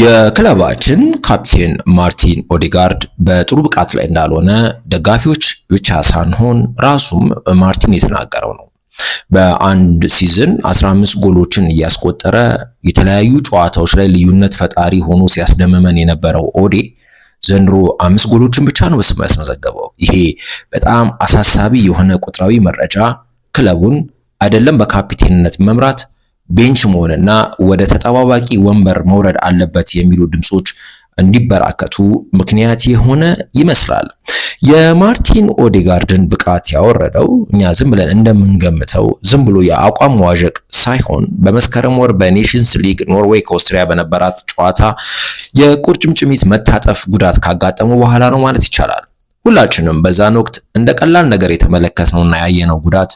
የክለባችን ካፕቴን ማርቲን ኦዴጋርድ በጥሩ ብቃት ላይ እንዳልሆነ ደጋፊዎች ብቻ ሳንሆን ራሱም ማርቲን የተናገረው ነው። በአንድ ሲዝን 15 ጎሎችን እያስቆጠረ የተለያዩ ጨዋታዎች ላይ ልዩነት ፈጣሪ ሆኖ ሲያስደምመን የነበረው ኦዴ ዘንድሮ አምስት ጎሎችን ብቻ ነው በስም ያስመዘገበው። ይሄ በጣም አሳሳቢ የሆነ ቁጥራዊ መረጃ ክለቡን አይደለም በካፒቴንነት መምራት ቤንች መሆንና ወደ ተጠባባቂ ወንበር መውረድ አለበት የሚሉ ድምጾች እንዲበራከቱ ምክንያት የሆነ ይመስላል። የማርቲን ኦዴጋርድን ብቃት ያወረደው እኛ ዝም ብለን እንደምንገምተው ዝም ብሎ የአቋም መዋዠቅ ሳይሆን በመስከረም ወር በኔሽንስ ሊግ ኖርዌይ ከኦስትሪያ በነበራት ጨዋታ የቁርጭምጭሚት መታጠፍ ጉዳት ካጋጠመው በኋላ ነው ማለት ይቻላል። ሁላችንም በዛን ወቅት እንደ ቀላል ነገር የተመለከትነውና ያየነው ጉዳት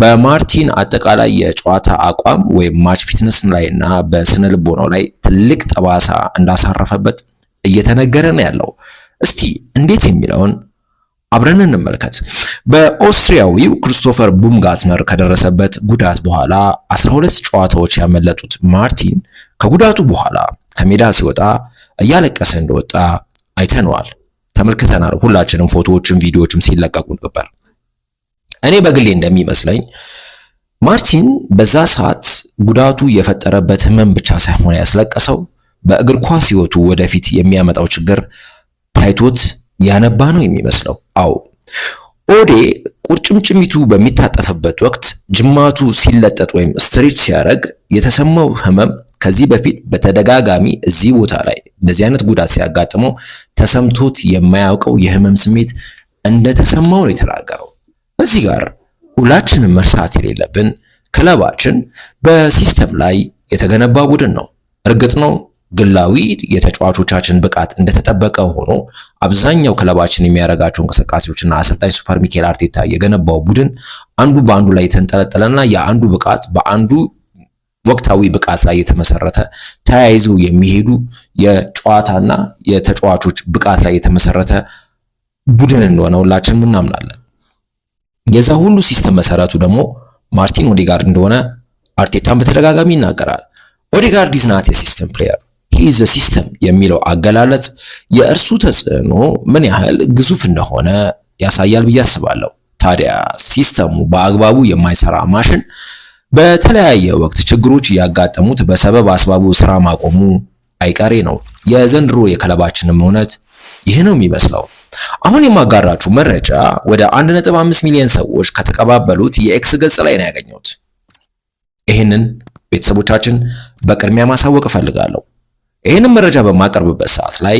በማርቲን አጠቃላይ የጨዋታ አቋም ወይም ማች ፊትነስ ላይና በስነ ልቦናው ላይ ትልቅ ጠባሳ እንዳሳረፈበት እየተነገረ ነው ያለው። እስቲ እንዴት የሚለውን አብረን እንመልከት። በኦስትሪያዊው ክሪስቶፈር ቡምጋትነር ከደረሰበት ጉዳት በኋላ 12 ጨዋታዎች ያመለጡት ማርቲን ከጉዳቱ በኋላ ከሜዳ ሲወጣ እያለቀሰ እንደወጣ አይተነዋል። ተመልክተናል። ሁላችንም ፎቶዎችም ቪዲዮዎችም ሲለቀቁ ነበር። እኔ በግሌ እንደሚመስለኝ ማርቲን በዛ ሰዓት ጉዳቱ የፈጠረበት ህመም ብቻ ሳይሆን ያስለቀሰው በእግር ኳስ ህይወቱ ወደፊት የሚያመጣው ችግር ታይቶት ያነባ ነው የሚመስለው። አዎ ኦዴ ቁርጭምጭሚቱ በሚታጠፍበት ወቅት ጅማቱ ሲለጠጥ ወይም ስትሪች ሲያደርግ የተሰማው ህመም ከዚህ በፊት በተደጋጋሚ እዚህ ቦታ ላይ እንደዚህ አይነት ጉዳት ሲያጋጥመው ተሰምቶት የማያውቀው የህመም ስሜት እንደተሰማው ነው የተናገረው። እዚህ ጋር ሁላችንም መርሳት የሌለብን ክለባችን በሲስተም ላይ የተገነባ ቡድን ነው። እርግጥ ነው ግላዊ የተጫዋቾቻችን ብቃት እንደተጠበቀ ሆኖ አብዛኛው ክለባችን የሚያደርጋቸው እንቅስቃሴዎችና አሰልጣኝ ሱፐር ሚኬል አርቴታ የገነባው ቡድን አንዱ በአንዱ ላይ የተንጠለጠለና የአንዱ ብቃት በአንዱ ወቅታዊ ብቃት ላይ የተመሰረተ ተያይዘው የሚሄዱ የጨዋታና የተጫዋቾች ብቃት ላይ የተመሰረተ ቡድን እንደሆነ ሁላችንም እናምናለን። የዛ ሁሉ ሲስተም መሰረቱ ደግሞ ማርቲን ኦዴጋርድ እንደሆነ አርቴታን በተደጋጋሚ ይናገራል። ኦዴጋርድ ኢዝ ናት የሲስተም ፕሌየር ሂዝ ሲስተም የሚለው አገላለጽ የእርሱ ተጽዕኖ ምን ያህል ግዙፍ እንደሆነ ያሳያል ብዬ አስባለሁ። ታዲያ ሲስተሙ በአግባቡ የማይሰራ ማሽን በተለያየ ወቅት ችግሮች እያጋጠሙት በሰበብ አስባቡ ስራ ማቆሙ አይቀሬ ነው። የዘንድሮ የክለባችንም እውነት ይህ ነው የሚመስለው። አሁን የማጋራችሁ መረጃ ወደ 1.5 ሚሊዮን ሰዎች ከተቀባበሉት የኤክስ ገጽ ላይ ነው ያገኘሁት። ይህንን ቤተሰቦቻችን በቅድሚያ ማሳወቅ እፈልጋለሁ። ይህንን መረጃ በማቀርብበት ሰዓት ላይ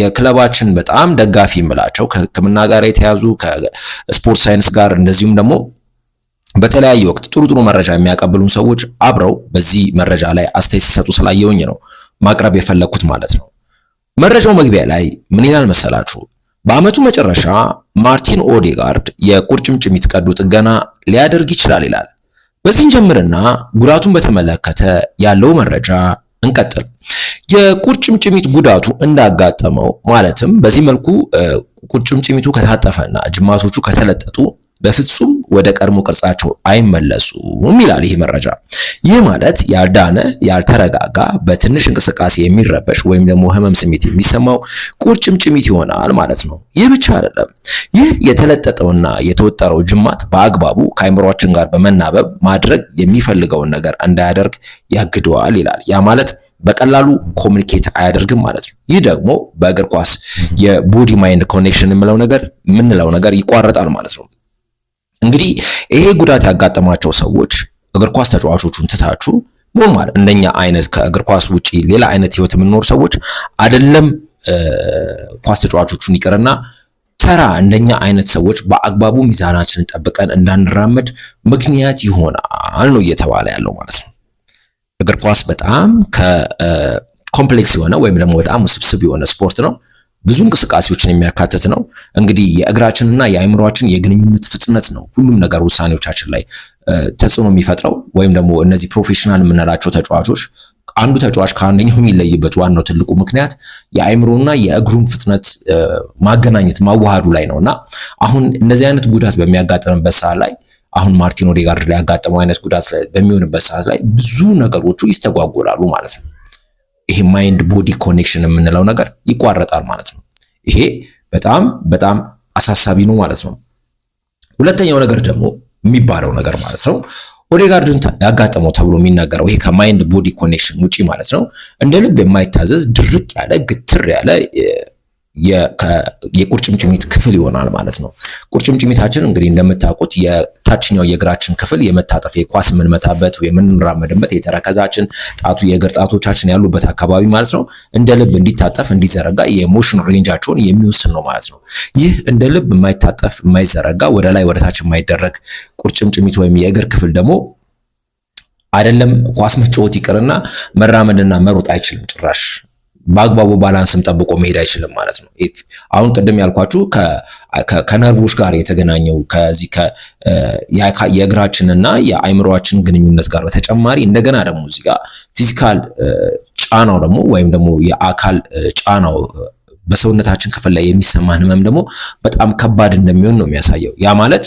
የክለባችን በጣም ደጋፊ የምላቸው ከሕክምና ጋር የተያዙ ከስፖርት ሳይንስ ጋር እንደዚሁም ደግሞ በተለያየ ወቅት ጥሩ ጥሩ መረጃ የሚያቀብሉን ሰዎች አብረው በዚህ መረጃ ላይ አስተያየት ሲሰጡ ስላየውኝ ነው ማቅረብ የፈለግኩት ማለት ነው። መረጃው መግቢያ ላይ ምን ይላል መሰላችሁ? በአመቱ መጨረሻ ማርቲን ኦዴጋርድ የቁርጭምጭሚት ቀዶ ጥገና ሊያደርግ ይችላል ይላል። በዚህን ጀምርና ጉዳቱን በተመለከተ ያለው መረጃ እንቀጥል። የቁርጭምጭሚት ጉዳቱ እንዳጋጠመው ማለትም በዚህ መልኩ ቁርጭምጭሚቱ ከታጠፈና ጅማቶቹ ከተለጠጡ በፍጹም ወደ ቀድሞ ቅርጻቸው አይመለሱም ይላል ይህ መረጃ። ይህ ማለት ያልዳነ፣ ያልተረጋጋ፣ በትንሽ እንቅስቃሴ የሚረበሽ ወይም ደግሞ ህመም ስሜት የሚሰማው ቁርጭምጭሚት ይሆናል ማለት ነው። ይህ ብቻ አይደለም። ይህ የተለጠጠውና የተወጠረው ጅማት በአግባቡ ከአይምሯችን ጋር በመናበብ ማድረግ የሚፈልገውን ነገር እንዳያደርግ ያግደዋል ይላል። ያ ማለት በቀላሉ ኮሚኒኬት አያደርግም ማለት ነው። ይህ ደግሞ በእግር ኳስ የቦዲ ማይንድ ኮኔክሽን የምለው ነገር የምንለው ነገር ይቋረጣል ማለት ነው። እንግዲህ ይሄ ጉዳት ያጋጠማቸው ሰዎች እግር ኳስ ተጫዋቾቹን ትታችሁ ኖርማል እንደኛ አይነት ከእግር ኳስ ውጪ ሌላ አይነት ህይወት የምንኖር ሰዎች አይደለም ኳስ ተጫዋቾቹን ይቅርና ተራ እንደኛ አይነት ሰዎች በአግባቡ ሚዛናችንን ጠብቀን እንዳንራመድ ምክንያት ይሆናል ነው እየተባለ ያለው ማለት ነው። እግር ኳስ በጣም ከኮምፕሌክስ የሆነ ወይም ደግሞ በጣም ውስብስብ የሆነ ስፖርት ነው። ብዙ እንቅስቃሴዎችን የሚያካትት ነው። እንግዲህ የእግራችንና የአእምሯችን የግንኙነት ፍጥነት ነው ሁሉም ነገር ውሳኔዎቻችን ላይ ተጽዕኖ የሚፈጥረው ወይም ደግሞ እነዚህ ፕሮፌሽናል የምንላቸው ተጫዋቾች አንዱ ተጫዋች ከአንደኛው የሚለይበት ዋናው ትልቁ ምክንያት የአእምሮና የእግሩን ፍጥነት ማገናኘት ማዋሃዱ ላይ ነው እና አሁን እነዚህ አይነት ጉዳት በሚያጋጥምበት ሰዓት ላይ አሁን ማርቲን ኦዴጋርድ ላይ ያጋጠመው አይነት ጉዳት በሚሆንበት ሰዓት ላይ ብዙ ነገሮቹ ይስተጓጎላሉ ማለት ነው። ይሄ ማይንድ ቦዲ ኮኔክሽን የምንለው ነገር ይቋረጣል ማለት ነው። ይሄ በጣም በጣም አሳሳቢ ነው ማለት ነው። ሁለተኛው ነገር ደግሞ የሚባለው ነገር ማለት ነው ኦዴጋርድን ያጋጠመው ተብሎ የሚናገረው ይሄ ከማይንድ ቦዲ ኮኔክሽን ውጪ ማለት ነው እንደ ልብ የማይታዘዝ ድርቅ ያለ ግትር ያለ የቁርጭምጭሚት ክፍል ይሆናል ማለት ነው። ቁርጭምጭሚታችን እንግዲህ እንደምታውቁት የታችኛው የእግራችን ክፍል የመታጠፍ የኳስ የምንመታበት የምንራመድበት የተረከዛችን ጣቱ የእግር ጣቶቻችን ያሉበት አካባቢ ማለት ነው እንደ ልብ እንዲታጠፍ እንዲዘረጋ የሞሽን ሬንጃቸውን የሚወስን ነው ማለት ነው። ይህ እንደ ልብ የማይታጠፍ የማይዘረጋ ወደ ላይ ወደታች የማይደረግ ቁርጭምጭሚት ወይም የእግር ክፍል ደግሞ አይደለም ኳስ መጫወት ይቅርና መራመድና መሮጥ አይችልም ጭራሽ በአግባቡ ባላንስም ጠብቆ መሄድ አይችልም ማለት ነው። አሁን ቅድም ያልኳችሁ ከነርቮች ጋር የተገናኘው ከዚህ የእግራችንና የአይምሮችን ግንኙነት ጋር በተጨማሪ እንደገና ደግሞ እዚህ ጋር ፊዚካል ጫናው ደግሞ ወይም ደግሞ የአካል ጫናው በሰውነታችን ክፍል ላይ የሚሰማ ህመም ደግሞ በጣም ከባድ እንደሚሆን ነው የሚያሳየው። ያ ማለት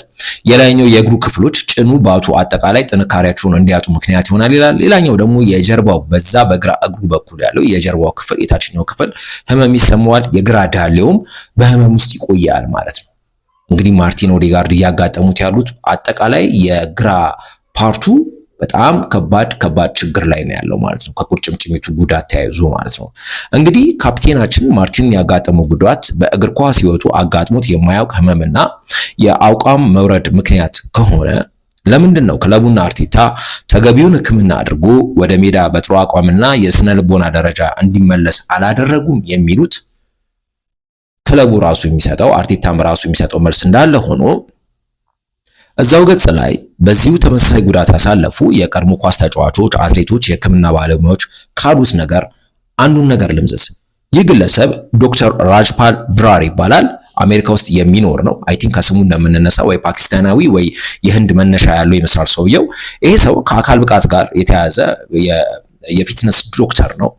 የላይኛው የእግሩ ክፍሎች ጭኑ፣ ባቱ አጠቃላይ ጥንካሬያቸውን እንዲያጡ ምክንያት ይሆናል ይላል። ሌላኛው ደግሞ የጀርባው በዛ በግራ እግሩ በኩል ያለው የጀርባው ክፍል የታችኛው ክፍል ህመም ይሰማዋል። የግራ ዳሌውም በህመም ውስጥ ይቆያል ማለት ነው። እንግዲህ ማርቲን ኦዴጋርድ እያጋጠሙት ያሉት አጠቃላይ የግራ ፓርቱ በጣም ከባድ ከባድ ችግር ላይ ነው ያለው ማለት ነው። ከቁርጭምጭሚቱ ጉዳት ተያይዞ ማለት ነው እንግዲህ ካፕቴናችን ማርቲን ያጋጠመው ጉዳት በእግር ኳስ ሕይወቱ አጋጥሞት የማያውቅ ህመምና የአቋም መውረድ ምክንያት ከሆነ ለምንድን ነው ክለቡና አርቴታ ተገቢውን ሕክምና አድርጎ ወደ ሜዳ በጥሩ አቋምና የስነ ልቦና ደረጃ እንዲመለስ አላደረጉም የሚሉት ክለቡ ራሱ የሚሰጠው አርቴታም ራሱ የሚሰጠው መልስ እንዳለ ሆኖ እዛው ገጽ ላይ በዚሁ ተመሳሳይ ጉዳት ያሳለፉ የቀድሞ ኳስ ተጫዋቾች፣ አትሌቶች፣ የህክምና ባለሙያዎች ካሉት ነገር አንዱን ነገር ልምዝስ። ይህ ግለሰብ ዶክተር ራጅፓል ብራር ይባላል። አሜሪካ ውስጥ የሚኖር ነው። አይ ቲንክ ከስሙ እንደምንነሳ ወይ ፓኪስታናዊ ወይ የህንድ መነሻ ያለው ይመስላል ሰውየው። ይሄ ሰው ከአካል ብቃት ጋር የተያያዘ የፊትነስ ዶክተር ነው።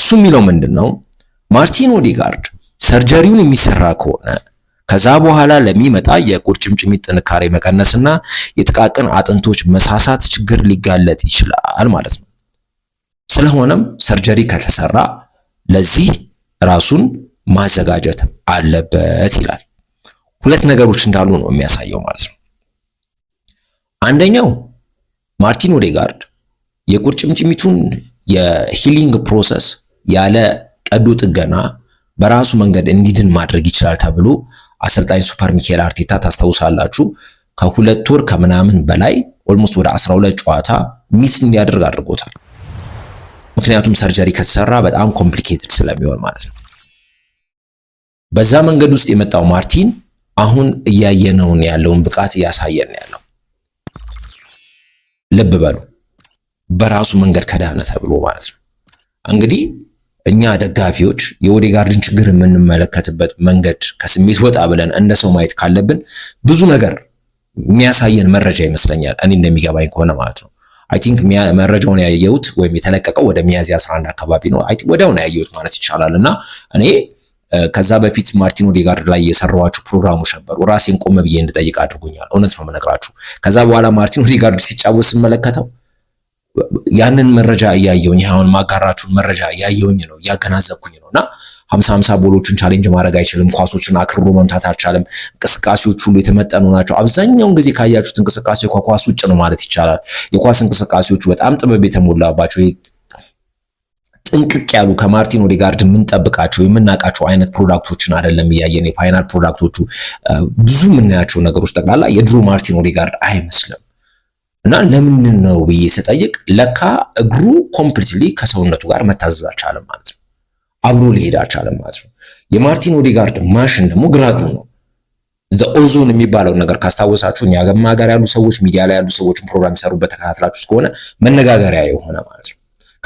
እሱ የሚለው ምንድን ነው? ማርቲን ኦዲጋርድ ሰርጀሪውን የሚሰራ ከሆነ ከዛ በኋላ ለሚመጣ የቁርጭምጭሚት ጥንካሬ መቀነስና የጥቃቅን አጥንቶች መሳሳት ችግር ሊጋለጥ ይችላል ማለት ነው። ስለሆነም ሰርጀሪ ከተሰራ ለዚህ ራሱን ማዘጋጀት አለበት ይላል። ሁለት ነገሮች እንዳሉ ነው የሚያሳየው ማለት ነው። አንደኛው ማርቲን ኦዴጋርድ የቁርጭምጭሚቱን የሂሊንግ ፕሮሰስ ያለ ቀዶ ጥገና በራሱ መንገድ እንዲድን ማድረግ ይችላል ተብሎ አሰልጣኝ ሱፐር ሚኬል አርቴታ ታስታውሳላችሁ ከሁለት ወር ከምናምን በላይ ኦልሞስት ወደ 12 ጨዋታ ሚስ እንዲያደርግ አድርጎታል። ምክንያቱም ሰርጀሪ ከተሰራ በጣም ኮምፕሊኬትድ ስለሚሆን ማለት ነው። በዛ መንገድ ውስጥ የመጣው ማርቲን አሁን እያየነውን ያለውን ብቃት እያሳየን ያለው ልብ በሉ፣ በራሱ መንገድ ከዳነ ተብሎ ማለት ነው እንግዲህ እኛ ደጋፊዎች የኦዴጋርድን ችግር የምንመለከትበት መንገድ ከስሜት ወጣ ብለን እንደ ሰው ማየት ካለብን ብዙ ነገር የሚያሳየን መረጃ ይመስለኛል። እኔ እንደሚገባኝ ከሆነ ማለት ነው። አይ ቲንክ መረጃውን ያየሁት ወይም የተለቀቀው ወደ ሚያዝያ 11 አካባቢ ነው። አይ ቲንክ ወዲያው ያየሁት ማለት ይቻላል። እና እኔ ከዛ በፊት ማርቲን ኦዴጋርድ ላይ የሰራኋቸው ፕሮግራሞች ነበሩ። ራሴን ቆም ብዬ እንድጠይቅ አድርጎኛል። እውነት ነው የምነግራችሁ። ከዛ በኋላ ማርቲን ኦዴጋርድ ሲጫወት ስመለከተው ያንን መረጃ እያየውኝ አሁን ማጋራችሁን መረጃ እያየውኝ ነው እያገናዘብኩኝ ነው እና ሀምሳ ሀምሳ ቦሎችን ቻሌንጅ ማድረግ አይችልም። ኳሶችን አክርሮ መምታት አልቻለም። እንቅስቃሴዎች ሁሉ የተመጠኑ ናቸው። አብዛኛውን ጊዜ ካያችሁት እንቅስቃሴ ከኳስ ውጭ ነው ማለት ይቻላል። የኳስ እንቅስቃሴዎቹ በጣም ጥበብ የተሞላባቸው ጥንቅቅ ያሉ ከማርቲን ኦዴጋርድ የምንጠብቃቸው የምናውቃቸው አይነት ፕሮዳክቶችን አይደለም እያየን የፋይናል ፕሮዳክቶቹ ብዙ የምናያቸው ነገሮች ጠቅላላ የድሮ ማርቲን ኦዴጋርድ አይመስልም። እና ለምንድን ነው ብዬ ስጠይቅ ለካ እግሩ ኮምፕሊትሊ ከሰውነቱ ጋር መታዘዝ አልቻለም ማለት ነው። አብሮ ሊሄድ አልቻለም ማለት ነው። የማርቲን ኦዲጋርድ ማሽን ደግሞ ግራ እግሩ ነው። ኦዞን የሚባለው ነገር ካስታወሳችሁ እኛ ጋር ያሉ ሰዎች ሚዲያ ላይ ያሉ ሰዎችን ፕሮግራም ይሰሩበት ተከታትላችሁ ከሆነ መነጋገሪያ የሆነ ማለት ነው።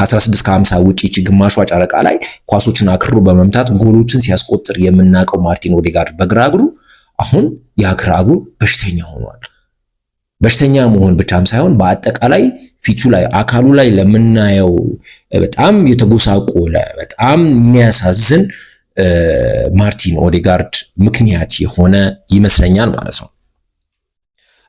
ከ16 ከ50 ውጪ እቺ ግማሿ ጨረቃ ላይ ኳሶችን አክርሮ በመምታት ጎሎችን ሲያስቆጥር የምናውቀው ማርቲን ኦዲጋርድ በግራ እግሩ አሁን ያ እግሩ በሽተኛ ሆኗል። በሽተኛ መሆን ብቻም ሳይሆን በአጠቃላይ ፊቱ ላይ አካሉ ላይ ለምናየው በጣም የተጎሳቆለ በጣም የሚያሳዝን ማርቲን ኦዴጋርድ ምክንያት የሆነ ይመስለኛል ማለት ነው።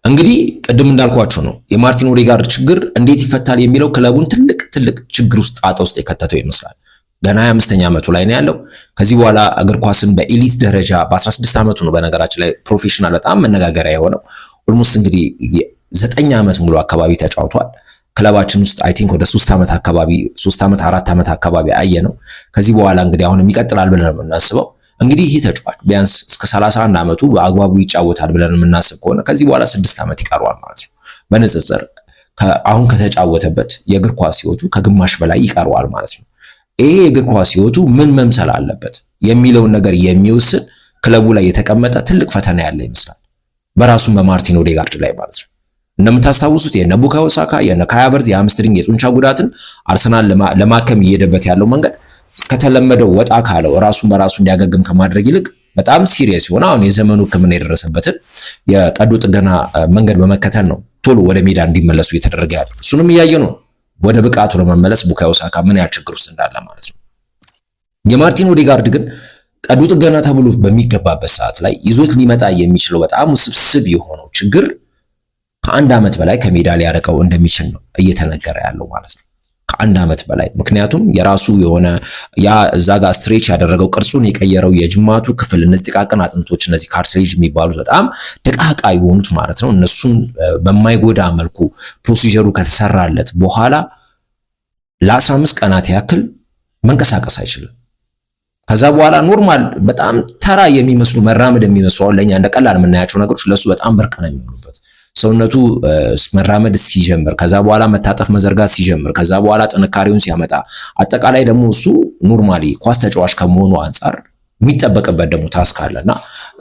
እንግዲህ ቅድም እንዳልኳችሁ ነው የማርቲን ኦዴጋርድ ችግር እንዴት ይፈታል የሚለው ክለቡን ትልቅ ትልቅ ችግር ውስጥ ጣጣ ውስጥ የከተተው ይመስላል። ገና 25ኛ ዓመቱ ላይ ነው ያለው። ከዚህ በኋላ እግር ኳስን በኤሊት ደረጃ በ16 ዓመቱ ነው በነገራችን ላይ ፕሮፌሽናል በጣም መነጋገሪያ የሆነው ኦልሞስት እንግዲህ ዘጠኝ ዓመት ሙሉ አካባቢ ተጫውቷል። ክለባችን ውስጥ አይ ቲንክ ወደ ሶስት ዓመት አካባቢ ሶስት ዓመት አራት ዓመት አካባቢ አየ ነው። ከዚህ በኋላ እንግዲህ አሁንም ይቀጥላል ብለን ነው የምናስበው። እንግዲህ ይህ ተጫዋች ቢያንስ እስከ 31 ዓመቱ በአግባቡ ይጫወታል ብለን የምናስብ ከሆነ ከዚህ በኋላ ስድስት ዓመት ይቀሯል ማለት ነው። በንጽጽር አሁን ከተጫወተበት የእግር ኳስ ሕይወቱ ከግማሽ በላይ ይቀረዋል ማለት ነው። ይሄ የእግር ኳስ ሕይወቱ ምን መምሰል አለበት የሚለውን ነገር የሚወስን ክለቡ ላይ የተቀመጠ ትልቅ ፈተና ያለ ይመስላል። በራሱም በማርቲን ኦዴጋርድ ላይ ማለት ነው። እንደምታስታውሱት የነቡካዮ ሳካ የነካያ በርዝ የአምስትሪንግ የጡንቻ ጉዳትን አርሰናል ለማከም እየሄደበት ያለው መንገድ ከተለመደው ወጣ ካለው ራሱን በራሱ እንዲያገግም ከማድረግ ይልቅ በጣም ሲሪየስ የሆነ አሁን የዘመኑ ሕክምና የደረሰበትን የቀዶ ጥገና መንገድ በመከተል ነው ቶሎ ወደ ሜዳ እንዲመለሱ እየተደረገ ያለ እሱንም እያየ ነው ወደ ብቃቱ ለመመለስ ቡካዮ ሳካ ምን ያህል ችግር ውስጥ እንዳለ ማለት ነው። የማርቲን ኦዴጋርድ ግን ቀዶ ጥገና ተብሎ በሚገባበት ሰዓት ላይ ይዞት ሊመጣ የሚችለው በጣም ውስብስብ የሆነው ችግር ከአንድ ዓመት በላይ ከሜዳ ሊያርቀው እንደሚችል ነው እየተነገረ ያለው ማለት ነው። ከአንድ ዓመት በላይ ምክንያቱም የራሱ የሆነ ያ እዛ ጋር ስትሬች ያደረገው ቅርጹን የቀየረው የጅማቱ ክፍል እነዚህ ጥቃቅን አጥንቶች እነዚህ ካርትሌጅ የሚባሉት በጣም ደቃቃ የሆኑት ማለት ነው። እነሱን በማይጎዳ መልኩ ፕሮሲጀሩ ከተሰራለት በኋላ ለአስራ አምስት ቀናት ያክል መንቀሳቀስ አይችልም። ከዛ በኋላ ኖርማል በጣም ተራ የሚመስሉ መራመድ የሚመስሉ አሁን ለእኛ እንደ ቀላል የምናያቸው ነገሮች ለሱ በጣም ብርቅ ነው የሚሆኑበት። ሰውነቱ መራመድ ሲጀምር፣ ከዛ በኋላ መታጠፍ መዘርጋት ሲጀምር፣ ከዛ በኋላ ጥንካሬውን ሲያመጣ፣ አጠቃላይ ደግሞ እሱ ኖርማሊ ኳስ ተጫዋች ከመሆኑ አንጻር የሚጠበቅበት ደግሞ ታስክ እና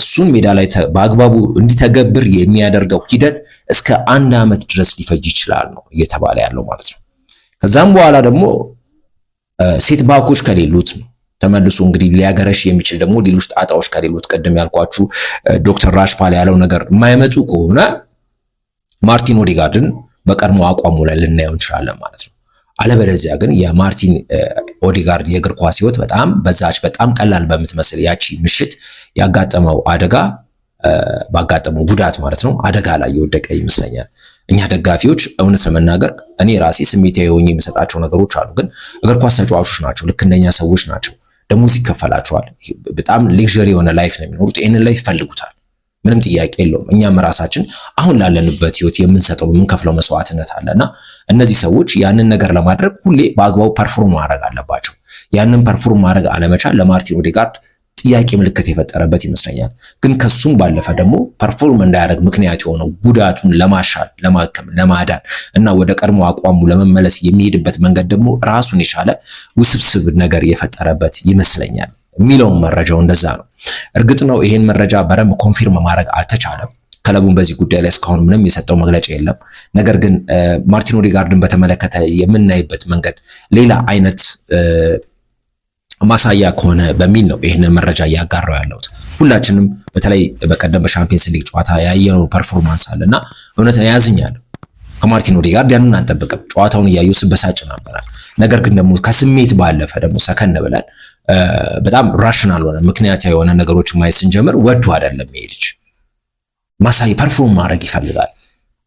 እሱን ሜዳ ላይ በአግባቡ እንዲተገብር የሚያደርገው ሂደት እስከ አንድ ዓመት ድረስ ሊፈጅ ይችላል ነው እየተባለ ያለው ማለት ነው። ከዛም በኋላ ደግሞ ሴት ባኮች ከሌሉት ነው ተመልሶ እንግዲህ ሊያገረሽ የሚችል ደግሞ ሌሎች ጣጣዎች ከሌሎች ቀደም ያልኳችሁ ዶክተር ራሽፓል ያለው ነገር የማይመጡ ከሆነ ማርቲን ኦዴጋርድን በቀድሞ አቋሙ ላይ ልናየው እንችላለን ማለት ነው። አለበለዚያ ግን የማርቲን ኦዴጋርድ የእግር ኳስ ሕይወት በጣም በዛች በጣም ቀላል በምትመስል ያቺ ምሽት ያጋጠመው አደጋ ባጋጠመው ጉዳት ማለት ነው አደጋ ላይ የወደቀ ይመስለኛል። እኛ ደጋፊዎች እውነት ለመናገር እኔ ራሴ ስሜታዊ ሆኜ የምሰጣቸው ነገሮች አሉ። ግን እግር ኳስ ተጫዋቾች ናቸው፣ ልክ እንደኛ ሰዎች ናቸው። ደሞዝ ይከፈላቸዋል። በጣም ሌክዥሪ የሆነ ላይፍ ነው የሚኖሩት። ይህንን ላይፍ ይፈልጉታል። ምንም ጥያቄ የለውም። እኛም ራሳችን አሁን ላለንበት ህይወት የምንሰጠው የምንከፍለው መስዋዕትነት እና እነዚህ ሰዎች ያንን ነገር ለማድረግ ሁሌ በአግባቡ ፐርፎርም ማድረግ አለባቸው። ያንን ፐርፎርም ማድረግ አለመቻል ለማርቲን ኦዴጋርድ ጥያቄ ምልክት የፈጠረበት ይመስለኛል። ግን ከሱም ባለፈ ደግሞ ፐርፎርም እንዳያደርግ ምክንያት የሆነው ጉዳቱን ለማሻል ለማከም፣ ለማዳን እና ወደ ቀድሞ አቋሙ ለመመለስ የሚሄድበት መንገድ ደግሞ ራሱን የቻለ ውስብስብ ነገር የፈጠረበት ይመስለኛል የሚለውን መረጃው እንደዛ ነው። እርግጥ ነው ይሄን መረጃ በረም ኮንፊርም ማድረግ አልተቻለም። ክለቡን በዚህ ጉዳይ ላይ እስካሁን ምንም የሰጠው መግለጫ የለም። ነገር ግን ማርቲን ኦዴጋርድን በተመለከተ የምናይበት መንገድ ሌላ አይነት ማሳያ ከሆነ በሚል ነው ይህንን መረጃ እያጋራው ያለሁት። ሁላችንም በተለይ በቀደም በሻምፒየንስ ሊግ ጨዋታ ያየነው ፐርፎርማንስ አለ እና እውነት ያዝኛለሁ። ከማርቲን ኦዴጋርድ ያንን አንጠብቅም። ጨዋታውን እያዩ ስበሳጭ ነበረ። ነገር ግን ደግሞ ከስሜት ባለፈ ደግሞ ሰከን ብለን በጣም ራሽናል ሆነ ምክንያት የሆነ ነገሮች ማየት ስንጀምር ወዱ አይደለም ይሄ ልጅ ማሳይ ፐርፎርም ማድረግ ይፈልጋል።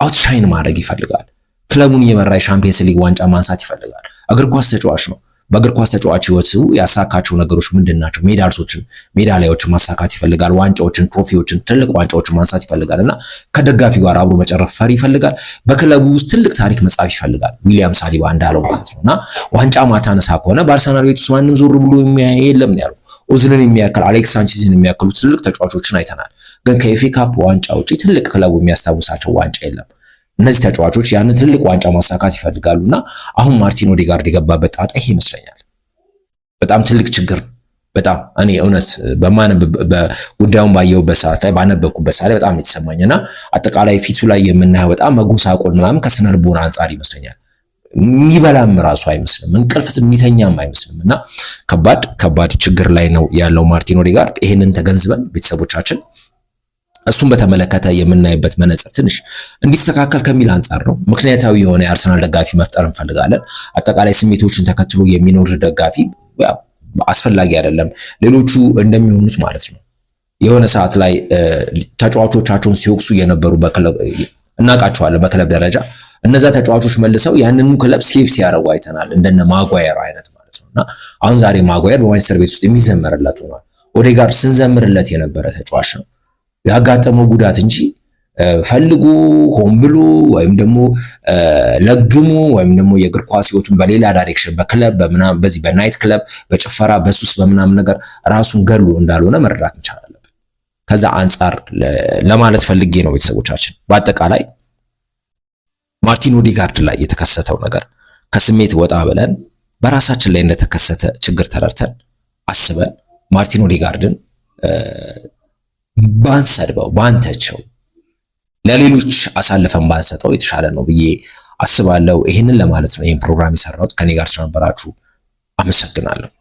አውትሻይን ማድረግ ይፈልጋል። ክለቡን እየመራ የሻምፒየንስ ሊግ ዋንጫ ማንሳት ይፈልጋል። እግር ኳስ ተጫዋች ነው። በእግር ኳስ ተጫዋች ህይወቱ ያሳካቸው ነገሮች ምንድን ናቸው? ሜዳልሶችን ሜዳሊያዎችን ማሳካት ይፈልጋል። ዋንጫዎችን፣ ትሮፊዎችን፣ ትልቅ ዋንጫዎችን ማንሳት ይፈልጋል እና ከደጋፊ ጋር አብሮ መጨፈር ይፈልጋል። በክለቡ ውስጥ ትልቅ ታሪክ መጻፍ ይፈልጋል። ዊሊያም ሳሊባ እንዳለው ማለት ነው እና ዋንጫ ማታነሳ ከሆነ በአርሰናል ቤት ውስጥ ማንም ዞር ብሎ የሚያየ የለም ያለው ኦዝልን የሚያክል አሌክስ ሳንቼዝን የሚያክሉ ትልቅ ተጫዋቾችን አይተናል። ግን ከኤፌ ካፕ ዋንጫ ውጪ ትልቅ ክለቡ የሚያስታውሳቸው ዋንጫ የለም። እነዚህ ተጫዋቾች ያንን ትልቅ ዋንጫ ማሳካት ይፈልጋሉና አሁን ማርቲን ኦዴጋርድ የገባበት ጣጣ ይሄ ይመስለኛል። በጣም ትልቅ ችግር በጣም እኔ እውነት ጉዳዩን ባየሁበት ሰዓት ላይ ባነበብኩበት ሰዓት ላይ በጣም የተሰማኝ እና አጠቃላይ ፊቱ ላይ የምናየው በጣም መጎሳቆል ምናምን ከስነ ልቦና አንጻር ይመስለኛል። የሚበላም ራሱ አይመስልም፣ እንቅልፍት የሚተኛም አይመስልም እና ከባድ ከባድ ችግር ላይ ነው ያለው ማርቲን ኦዴጋርድ። ይህንን ተገንዝበን ቤተሰቦቻችን እሱን በተመለከተ የምናይበት መነጽር ትንሽ እንዲስተካከል ከሚል አንጻር ነው። ምክንያታዊ የሆነ የአርሰናል ደጋፊ መፍጠር እንፈልጋለን። አጠቃላይ ስሜቶችን ተከትሎ የሚኖር ደጋፊ አስፈላጊ አይደለም። ሌሎቹ እንደሚሆኑት ማለት ነው። የሆነ ሰዓት ላይ ተጫዋቾቻቸውን ሲወቅሱ የነበሩ እናውቃቸዋለን። በክለብ ደረጃ እነዛ ተጫዋቾች መልሰው ያንኑ ክለብ ሴፍ ሲያደርጉ አይተናል። እንደነ ማጓየር አይነት ማለት ነው እና አሁን ዛሬ ማጓየር በማንቸስተር ቤት ውስጥ የሚዘመርለት ሆኗል። ኦዴጋርድ ስንዘምርለት የነበረ ተጫዋች ነው። ያጋጠመው ጉዳት እንጂ ፈልጉ ሆን ብሎ ወይም ደግሞ ለግሙ ወይም ደግሞ የእግር ኳስ ህይወቱን በሌላ ዳይሬክሽን በክለብ በምናም በዚህ በናይት ክለብ በጭፈራ በሱስ በምናምን ነገር ራሱን ገሎ እንዳልሆነ መረዳት እንቻላለን። ከዛ አንጻር ለማለት ፈልጌ ነው። ቤተሰቦቻችን በአጠቃላይ ማርቲን ኦዲጋርድ ላይ የተከሰተው ነገር ከስሜት ወጣ ብለን በራሳችን ላይ እንደተከሰተ ችግር ተረድተን አስበን ማርቲን ኦዲጋርድን ባንሰድበው ባንተቸው ለሌሎች አሳልፈን ባንሰጠው የተሻለ ነው ብዬ አስባለሁ። ይህንን ለማለት ነው ይህን ፕሮግራም የሰራሁት። ከኔ ጋር ስለነበራችሁ አመሰግናለሁ።